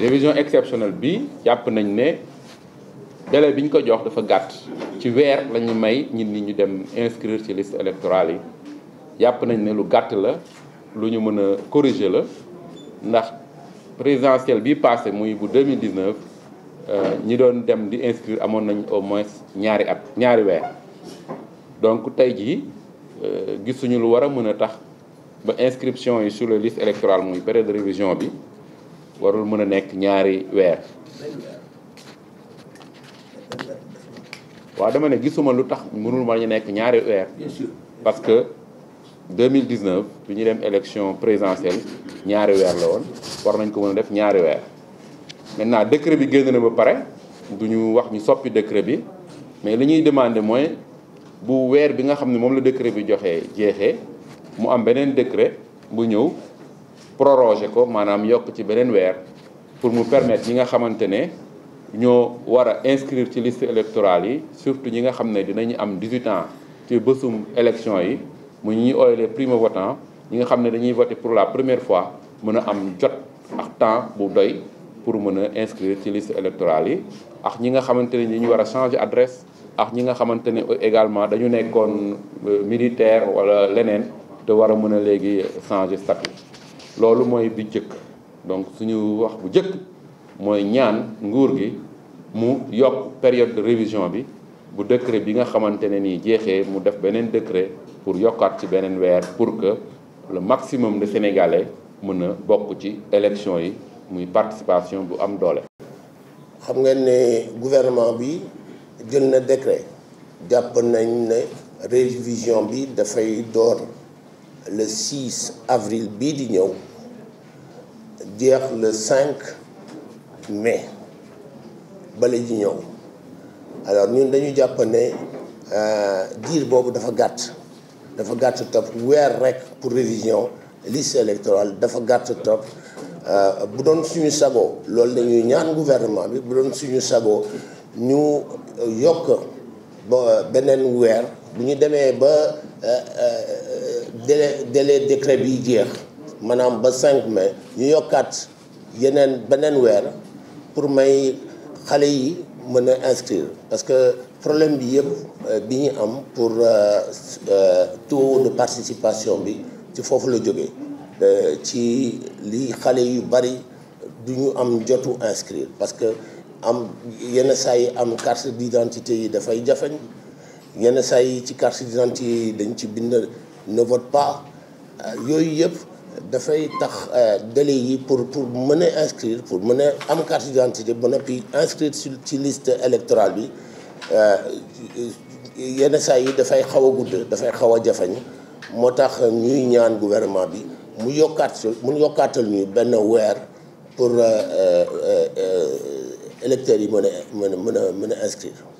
révision exceptionnelle bi jàpp nañ ne délai bi ñu ko jox dafa gàtt ci weer la ñu may ñit ñi ñu dem inscrire ci liste électorale yi jàpp nañ ne lu gàtt la lu ñu mën a corriger la ndax présidentielle bi passé muy bu 2019 euh, ñi doon dem di inscrire amoon nañ au moins ñaari at ñaari weer donc tey jii euh, gisuñu lu war a mën a tax ba inscription yi sur les listes électorales muy période de révision bi warul mën a nekk ñaari weer waa dama ne gisuma lu tax mënul ma a nekk ñaari weer parce que 2019 bi ñu dem élection présidentielle ñaari weer la woon war nañ ko mën a def ñaari weer maintenant décret bi génn na ba pare du ñu wax ñu soppi décret bi mais li ñuy demander mooy bu weer bi nga xam ne moom la décret bi joxee jeexee mu am beneen décret bu ñëw proroger ko maanaam yokk ci beneen weer pour mu permettre ñi nga xamante ne ñoo war a inscrire ci liste électorale yi surtout ñi nga xam ne dinañu am 18 ans ci bésum élection yi mu ñuy ooy les primo votants ñi nga xam ne dañuy voter pour la première fois mën a am jot ak temps bu doy pour mun a inscrire ci liste électorale yi ak ñi nga xamante ne dañu war a changer adresse ak ñi nga xamante ne également dañu nekkoon euh, militaire wala leneen te war a mën a léegi changer statut loolu mooy bi jëkk donc suñu wax bu jëkk mooy ñaan nguur gi mu yokk période de révision bi bu décret bi nga xamante ne nii jeexee mu def beneen décret pour yokkaat ci beneen weer pour que le maximum de sénégalais mën a bokk ci élection yi muy participation bu am doole. xam nga ne gouvernement bi jël na décret jàpp nañ ne révision bi dafay door. le 6 avril bii di ñëw jeex le 5 mai bale ji ñëw alors ñun dañu jàpp ne euh, diir boobu dafa gàtt dafa gàtt topp weer rek pour révision liste électorale dafa gàtt topp euh, bu doon suñu sago loolu dañuy ñaan gouvernement bi bu doon suñu sago ñu yokk ba beneen weer bu ñu demee ba euh, délai délai décret bi jeex maanaam ba cinq mais ñu yokkaat yeneen beneen weer pour may xale yi mën a inscrire parce que problème bi yëpp euh, bi ñu am pour euh, euh, taux de participation bi ci foofu la jógee ci li xale yu bari du ñu am jotu inscrire parce que am yenn saa yi am carte d'identité yi dafay jafeñ yenn saa yi ci carte d'identité yi dañ ci bind ne pas euh, yooyu yëpp dafay tax euh, délai yi pour pour mën a inscrire pour mën a am carte d'identité ba noppi inscrire ci liste électorale bi euh, yenn saa yi dafay xaw a gudd dafay xaw a jafañ moo tax ñuy ñaan gouvernement bi mu yokkaat mu yokkaatal ñuy benn weer pour électeurs yi mën a mën a mën a mën a inscrire